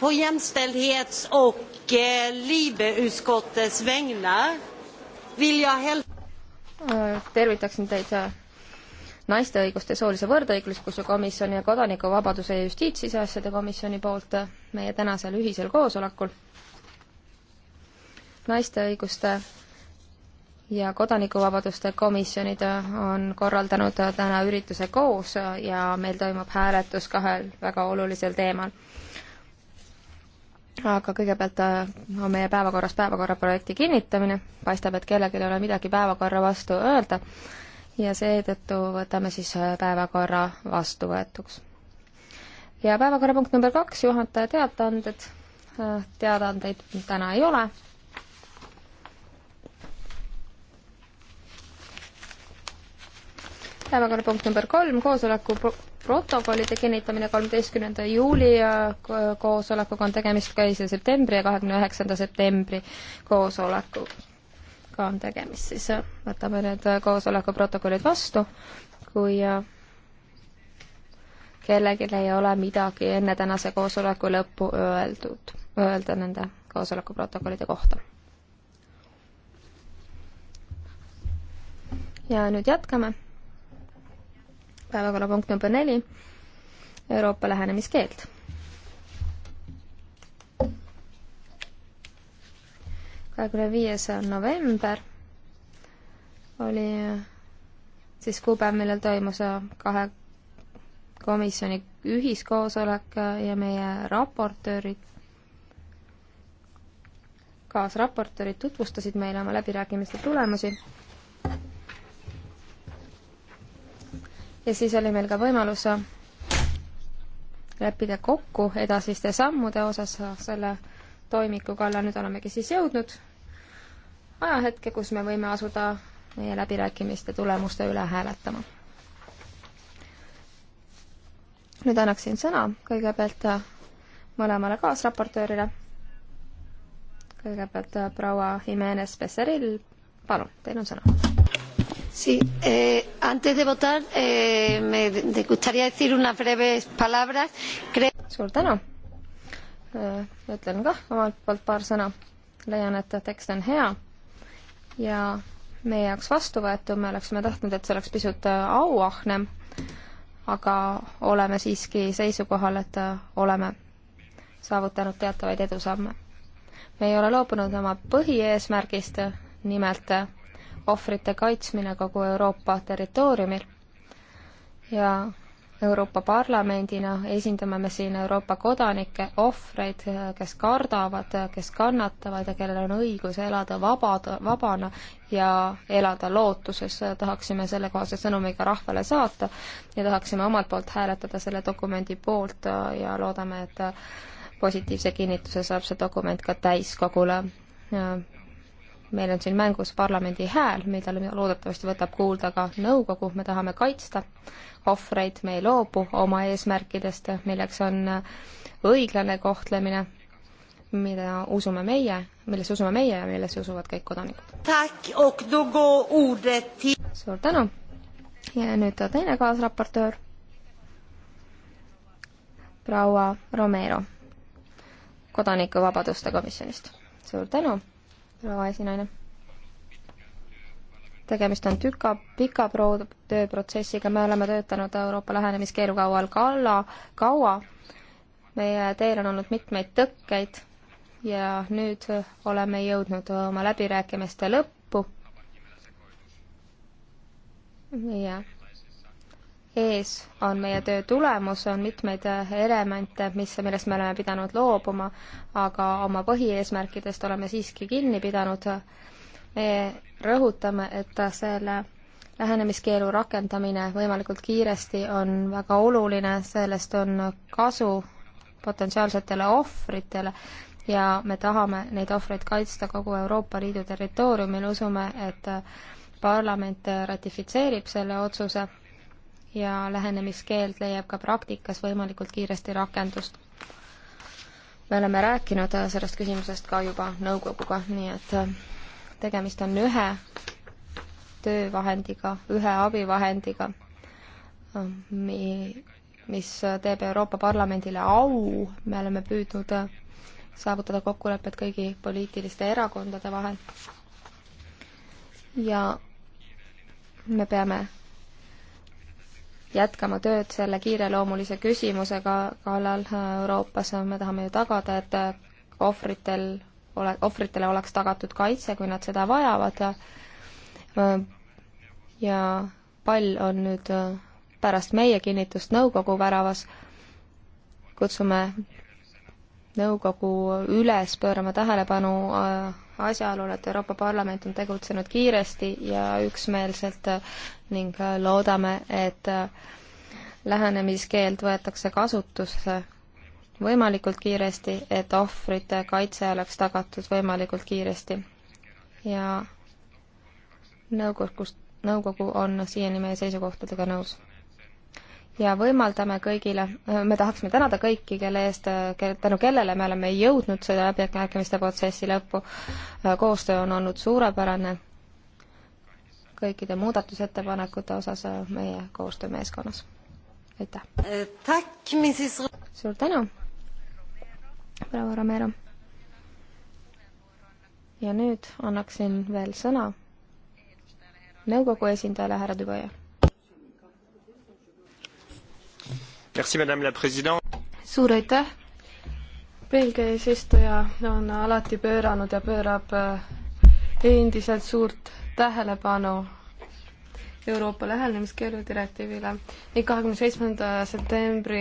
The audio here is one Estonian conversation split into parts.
på jämställdhets och eh, LIBE-utskottets vägnar vill jag hälsa eh, tervitaksin teid eh, naiste õiguste soolise võrdõiguslikkuse komisjoni ja kodanikuvabaduse ja justiitsiseasjade komisjoni poolt eh, meie tänasel ühisel koosolekul. naiste õiguste ja kodanikuvabaduste komisjonid on korraldanud täna ürituse koos ja meil toimub hääletus kahel väga olulisel teemal aga kõigepealt äh, on meie päevakorras päevakorraprojekti kinnitamine, paistab, et kellelgi ei ole midagi päevakorra vastu öelda ja seetõttu võtame siis äh, päevakorra vastuvõetuks. ja päevakorrapunkt number kaks, juhataja teadaanded, äh, teadaandeid täna ei ole. päevakorrapunkt number kolm, koosoleku protokollide kinnitamine kolmeteistkümnenda juuli koosolekuga on tegemist, ka esimese septembri ja kahekümne üheksanda septembri koosolekuga on tegemist, siis äh, võtame need äh, koosoleku protokollid vastu, kui äh, kellelgi ei ole midagi enne tänase koosoleku lõppu öeldud, öelda nende koosoleku protokollide kohta. ja nüüd jätkame päevakorrapunkt number neli, Euroopa lähenemiskeeld. kahekümne viies november oli siis kuupäev, millal toimus kahe komisjoni ühiskoosolek ja meie raportöörid, kaasraportöörid tutvustasid meile oma läbirääkimiste tulemusi ja siis oli meil ka võimalus leppida kokku edasiste sammude osas selle toimiku kallal, nüüd olemegi siis jõudnud ajahetke, kus me võime asuda meie läbirääkimiste tulemuste üle hääletama. nüüd annaksin sõna kõigepealt mõlemale kaasraportöörile. kõigepealt proua Jimenez Becerril, palun, teil on sõna Sí, eh, antes de votar eh, me de gustaría decir unas breves palabras. Cre suur tänu. Eh, ütlen kah omalt poolt paar sõna. leian, et tekst on hea ja meie jaoks vastuvõetu, me oleksime tahtnud, et see oleks pisut äh, auahnem, aga oleme siiski seisukohal, et äh, oleme saavutanud teatavaid edusamme. me ei ole loobunud oma põhieesmärgist, nimelt äh, ohvrite kaitsmine kogu Euroopa territooriumil ja Euroopa Parlamendina esindame me siin Euroopa kodanikke, ohvreid, kes kardavad, kes kannatavad ja kellel on õigus elada vabad, vabana ja elada lootuses. tahaksime sellekohase sõnumi ka rahvale saata ja tahaksime omalt poolt hääletada selle dokumendi poolt ja loodame, et positiivse kinnituse saab see dokument ka täiskogule meil on siin mängus parlamendi hääl, mida loodetavasti võtab kuulda ka nõukogu, me tahame kaitsta ohvreid, me ei loobu oma eesmärkidest, milleks on õiglane kohtlemine, mida usume meie, milles usume meie ja milles usuvad kõik kodanikud. suur tänu ja nüüd teine kaasraportöör, proua Romero Kodanikuvabaduste Komisjonist. suur tänu proua esinaine. tegemist on tüka, pika pro-, tööprotsessiga, me oleme töötanud Euroopa lähenemiskeelu kaual kalla, kaua. meie teel on olnud mitmeid tõkkeid ja nüüd oleme jõudnud oma läbirääkimiste lõppu. jah ees on meie töö tulemus, on mitmeid äh, elemente, mis, millest me oleme pidanud loobuma, aga oma põhieesmärkidest oleme siiski kinni pidanud. me rõhutame, et selle lähenemiskeelu rakendamine võimalikult kiiresti on väga oluline, sellest on kasu potentsiaalsetele ohvritele ja me tahame neid ohvreid kaitsta kogu Euroopa Liidu territooriumil, usume, et parlament ratifitseerib selle otsuse ja lähenemiskeeld leiab ka praktikas võimalikult kiiresti rakendust. me oleme rääkinud äh, sellest küsimusest ka juba nõukoguga, nii et äh, tegemist on ühe töövahendiga, ühe abivahendiga, äh, mis teeb Euroopa Parlamendile au, me oleme püüdnud saavutada kokkulepet kõigi poliitiliste erakondade vahel. ja me peame jätkama tööd selle kiireloomulise küsimusega kallal äh, Euroopas, me tahame ju tagada, et äh, ohvritel ole, ohvritele oleks tagatud kaitse, kui nad seda vajavad ja äh, ja pall on nüüd pärast meie kinnitust nõukogu väravas, kutsume nõukogu üles pöörama tähelepanu asjaolul, et Euroopa Parlament on tegutsenud kiiresti ja üksmeelselt ning loodame, et lähenemiskeeld võetakse kasutusse võimalikult kiiresti, et ohvrite kaitse oleks tagatud võimalikult kiiresti. ja nõukogust, nõukogu on siiani meie seisukohtadega nõus ja võimaldame kõigile, me tahaksime tänada kõiki, kelle eest, tänu kellele me oleme jõudnud selle läbirääkimiste protsessi lõppu. koostöö on olnud suurepärane kõikide muudatusettepanekute osas meie koostöömeeskonnas. aitäh! suur tänu, proua Romero! ja nüüd annaksin veel sõna nõukogu esindajale härra Duboja suur aitäh! Belgia eesistuja on alati pööranud ja pöörab äh, endiselt suurt tähelepanu Euroopa lähenemiskeelu direktiivile ning kahekümne seitsmenda septembri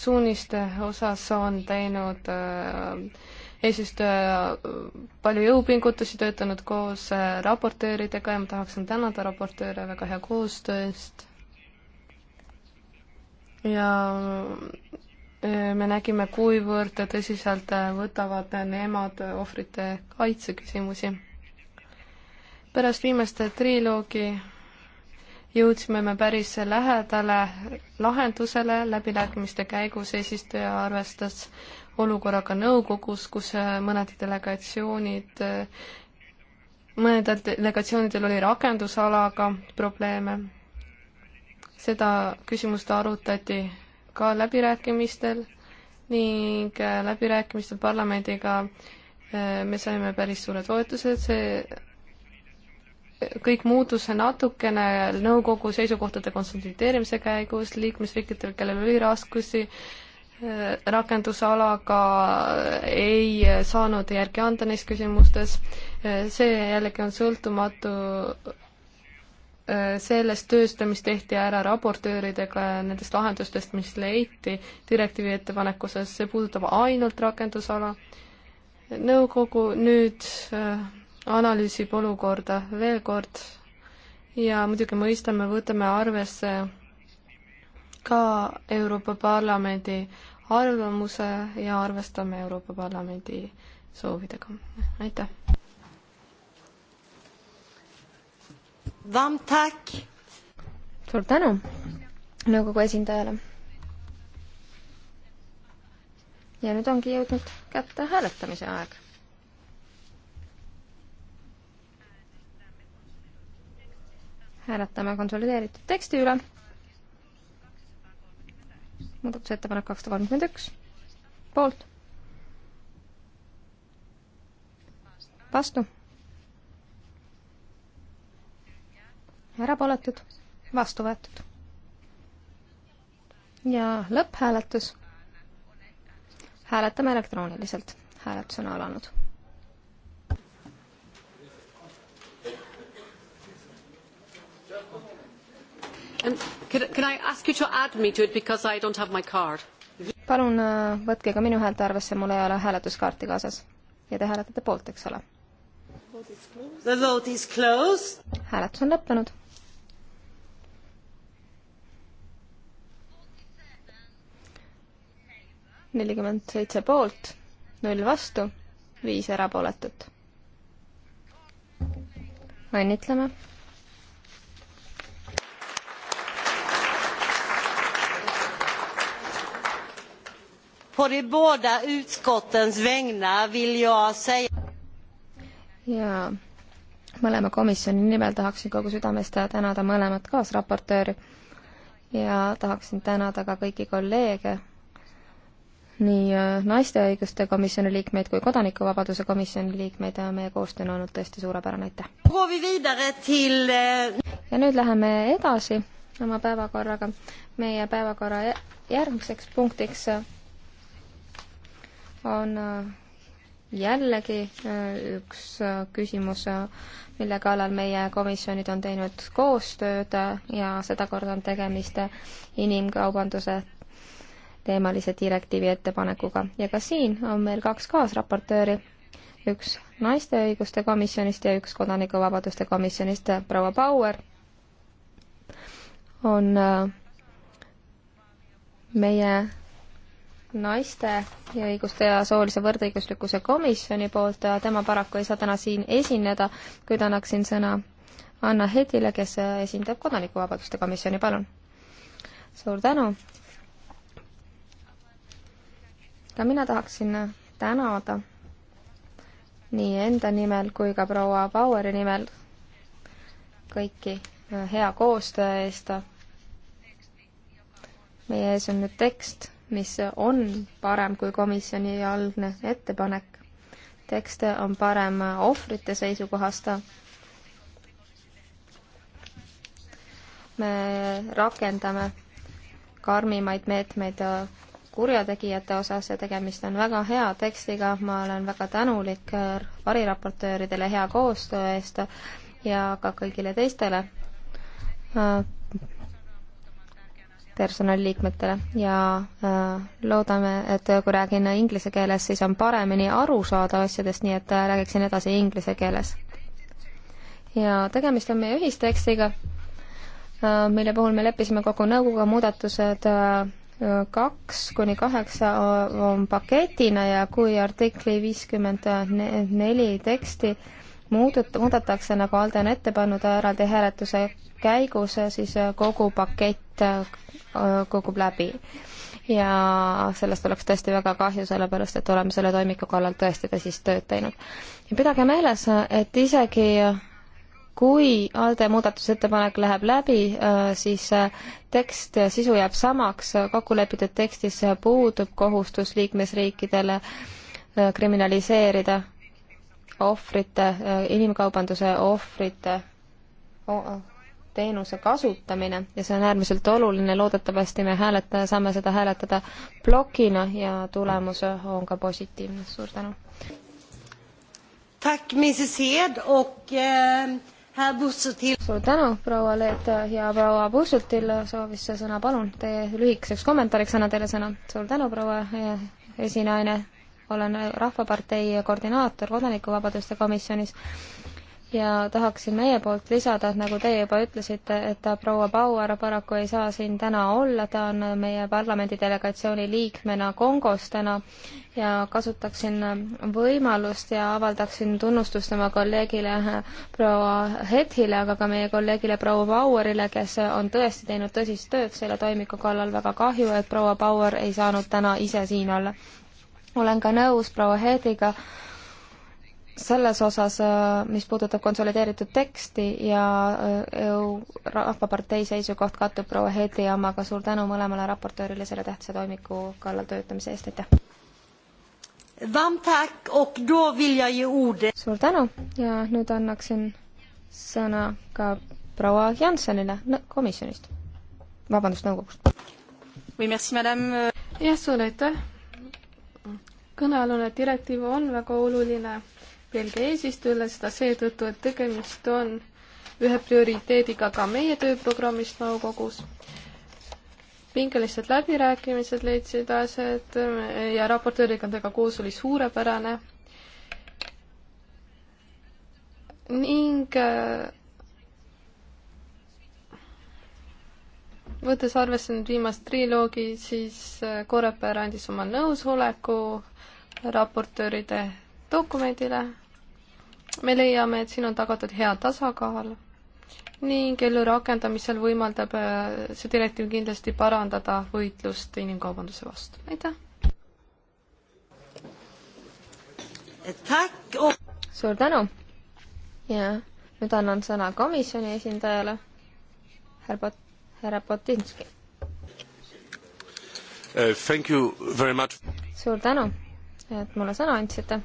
suuniste osas on teinud äh, eesistuja äh, palju jõupingutusi, töötanud koos raportööridega ja ma tahaksin tänada raportööre väga hea koostöö eest ja e, me nägime, kuivõrd tõsiselt võtavad nemad ohvrite kaitseküsimusi. pärast viimast triloogi jõudsime me päris lähedale lahendusele, läbirääkimiste käigus eesistuja arvestas olukorraga nõukogus, kus mõned delegatsioonid, mõnedel delegatsioonidel oli rakendusalaga probleeme seda küsimust arutati ka läbirääkimistel ning äh, läbirääkimistel parlamendiga äh, me saime päris suure toetuse, see äh, kõik muutus natukene nõukogu seisukohtade konsolideerimise käigus liikmesriikidel, kellel oli raskusi rakendusalaga, ei saanud järgi anda neis küsimustes. see jällegi on sõltumatu sellest tööst, mis tehti ära raportööridega ja nendest lahendustest, mis leiti direktiivi ettepaneku osas, see puudutab ainult rakendusala. nõukogu nüüd äh, analüüsib olukorda veel kord ja muidugi mõistame, võtame arvesse ka Euroopa Parlamendi arvamuse ja arvestame Euroopa Parlamendi soovidega. aitäh! suur tänu nõukogu esindajale. ja nüüd ongi jõudnud kätte hääletamise aeg. hääletame konsolideeritud teksti üle. muudatusettepanek kakssada kolmkümmend üks, poolt. vastu erapooletud, vastu võetud. ja lõpphääletus. hääletame elektrooniliselt, hääletus on alanud. Can, can I ask you to add me to it because I don't have my card? palun äh, võtke ka minu häält arvesse, mul ei ole hääletuskaarti kaasas. ja te hääletate poolt, eks ole? hääletus on lõppenud nelikümmend seitse poolt, null vastu, viis erapooletut. õnnitleme. På de båda utskottens vägnar vill jag säga ja mõlema komisjoni nimel tahaksin kogu südamest tänada mõlemat kaasraportööri ja tahaksin tänada ka kõiki kolleege nii äh, naiste õiguste komisjoni liikmeid kui kodanikuvabaduse komisjoni liikmeid ja äh, meie koostöö on olnud tõesti suurepärane, aitäh! Äh, ja nüüd läheme edasi oma päevakorraga. meie päevakorra järgmiseks punktiks on jällegi üks küsimus, mille kallal meie komisjonid on teinud koostööd ja sedakorda on tegemist inimkaubanduse teemalise direktiivi ettepanekuga ja ka siin on meil kaks kaasraportööri, üks naiste õiguste komisjonist ja üks kodanikuvabaduste komisjonist, proua Bauer on äh, meie naiste ja õiguste ja soolise võrdõiguslikkuse komisjoni poolt, tema paraku ei saa täna siin esineda, kuid annaksin sõna Anna Hedile, kes esindab Kodanikuvabaduste komisjoni, palun. suur tänu, ka mina tahaksin tänada nii enda nimel kui ka proua Baueri nimel kõiki äh, hea koostöö eest. meie ees on nüüd tekst, mis on parem kui komisjoni algne ettepanek. tekst on parem ohvrite seisukohast. me rakendame karmimaid meetmeid äh, kurjategijate osas ja tegemist on väga hea tekstiga, ma olen väga tänulik äh, variraportööridele hea koostöö eest ja ka kõigile teistele äh, personaliliikmetele ja äh, loodame, et kui räägin inglise keeles, siis on paremini aru saada asjadest, nii et räägiksin edasi inglise keeles. ja tegemist on meie ühistekstiga, mille puhul me leppisime kokku nõukoguga muudatused kaks kuni kaheksa on paketina ja kui artikli viiskümmend neli teksti muudet-, muudetakse, nagu Alde on ette pannud eraldi hääletuse käigus, siis kogu pakett äh, kogub läbi. ja sellest oleks tõesti väga kahju, sellepärast et oleme selle toimiku kallal tõesti tõsist tööd teinud. ja pidage meeles, et isegi kui ALDE muudatusettepanek läheb läbi, äh, siis äh, tekst, sisu jääb samaks, kokkulepitud tekstis puudub kohustus liikmesriikidele äh, kriminaliseerida ohvrite, inimkaubanduse ohvrite teenuse kasutamine ja see on äärmiselt oluline, loodetavasti me hääleta-, saame seda hääletada plokina ja tulemus on ka positiivne, suur tänu. Tack Mrs Hed och eh suur tänu, proua Leet ja proua Pussutil soovis see sõna, palun, teie lühikeseks kommentaariks annan teile sõna. suur tänu, proua eh, esinaine, olen Rahvapartei koordinaator Kodanikuvabaduste komisjonis ja tahaksin meie poolt lisada, et nagu teie juba ütlesite, et proua Bauer paraku ei saa siin täna olla, ta on meie parlamendi delegatsiooni liikmena Kongos täna ja kasutaksin võimalust ja avaldaksin tunnustust oma kolleegile proua Hetile, aga ka meie kolleegile proua Bauerile, kes on tõesti teinud tõsist tööd selle toimiku kallal, väga kahju, et proua Bauer ei saanud täna ise siin olla. olen ka nõus proua Hetiga, selles osas, äh, mis puudutab konsolideeritud teksti ja äh, EU Rahvapartei seisukoht kattub proua Heedi omaga, suur tänu mõlemale raportöörile selle tähtsa toimiku kallal töötamise eest, aitäh! suur tänu ja nüüd annaksin sõna ka proua Jansonile komisjonist, vabandust, nõukogust. jah, suur aitäh! kõnealune direktiiv on väga oluline Belgia eesistujale, seda seetõttu, et tegemist on ühe prioriteediga ka meie tööprogrammis nõukogus. pingelised läbirääkimised leidsid aset ja raportööriga temaga koos oli suurepärane. ning võttes arvesse nüüd viimast triloogi, siis Korepere andis oma nõusoleku raportööride dokumendile. me leiame, et siin on tagatud hea tasakaal ning ellu rakendamisel võimaldab äh, see direktiiv kindlasti parandada võitlust inimkaubanduse vastu. aitäh! suur tänu! ja nüüd annan sõna komisjoni esindajale, härra Pot-, härra Potinski uh,. Thank you very much! suur tänu, et mulle sõna andsite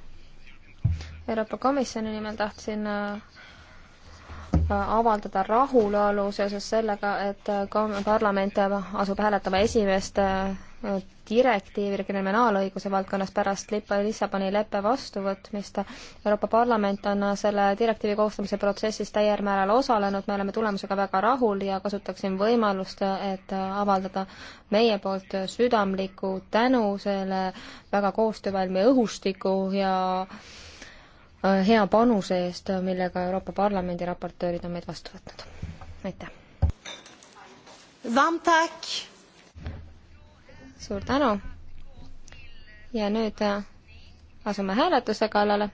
Euroopa Komisjoni nimel tahtsin äh, äh, avaldada rahulolu seoses sellega, et äh, parlament asub hääletama esimest direktiivi kriminaalõiguse valdkonnas pärast Lissaboni leppe vastuvõtmist. Euroopa Parlament on selle direktiivi koostamise protsessis täiel määral osalenud, me oleme tulemusega väga rahul ja kasutaksin võimalust, et avaldada meie poolt südamlikku tänu selle väga koostöövalmi õhustiku ja äh, Äh, hea panuse eest, millega Euroopa Parlamendi raportöörid on meid vastu võtnud. aitäh! suur tänu! ja nüüd äh, asume hääletuse kallale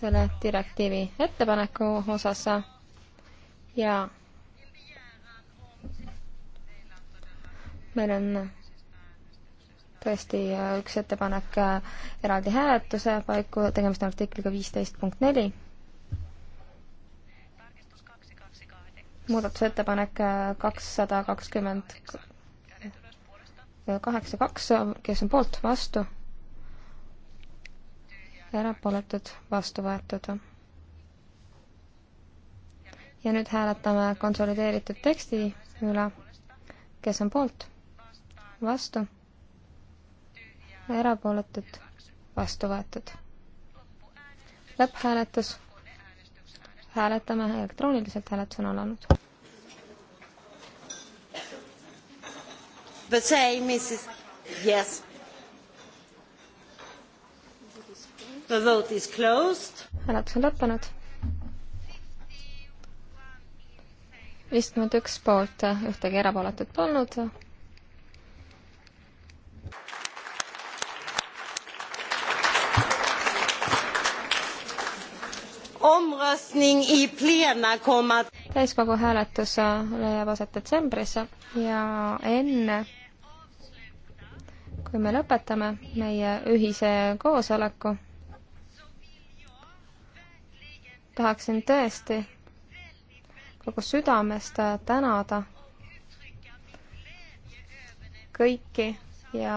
selle direktiivi ettepaneku osas äh, ja meil on tõesti äh, üks ettepanek äh, eraldi hääletuse paiku, tegemist on artikliga viisteist punkt neli. muudatusettepanek äh, kakssada kakskümmend kaheksa, kaks, kes on poolt, vastu, erapooletud, vastu võetud. ja nüüd hääletame konsolideeritud teksti üle, kes on poolt vastu, erapooletud, vastu võetud. lõpphääletus. hääletame elektrooniliselt, hääletus on alanud. The same is yes. The vote is closed. hääletus on lõppenud. viiskümmend üks poolt, ühtegi erapooletut polnud täiskogu hääletus äh, leiab aset detsembris ja enne kui me lõpetame meie ühise koosoleku, tahaksin tõesti kogu südamest tänada kõiki ja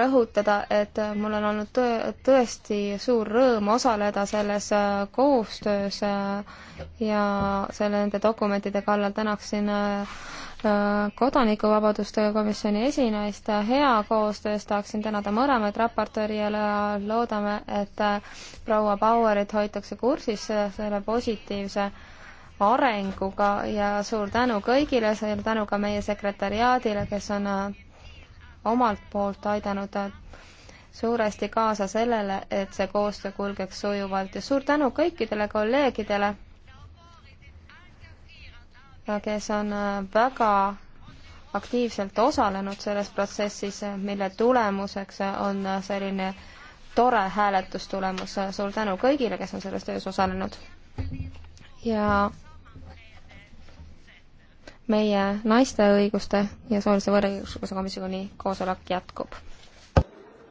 rõhutada, et mul on olnud tõ-, tõesti suur rõõm osaleda selles äh, koostöös äh, ja selle, nende dokumentide kallal tänaksin äh, kodanikuvabaduste komisjoni esinaist hea koostöös, tahaksin tänada mõlemaid raportööri ja loodame, et proua Bauerit hoitakse kursis selle positiivse arenguga ja suur tänu kõigile, suur tänu ka meie sekretäriaadile, kes on omalt poolt aidanud äh, suuresti kaasa sellele, et see koostöö kulgeks sujuvalt ja suur tänu kõikidele kolleegidele, äh, kes on äh, väga aktiivselt osalenud selles protsessis, mille tulemuseks on selline tore hääletustulemus. suur tänu kõigile, kes on selles töös osalenud. ja meie naiste õiguste ja soolise võrdõiguslikkusega komisjoni koosolek jätkub.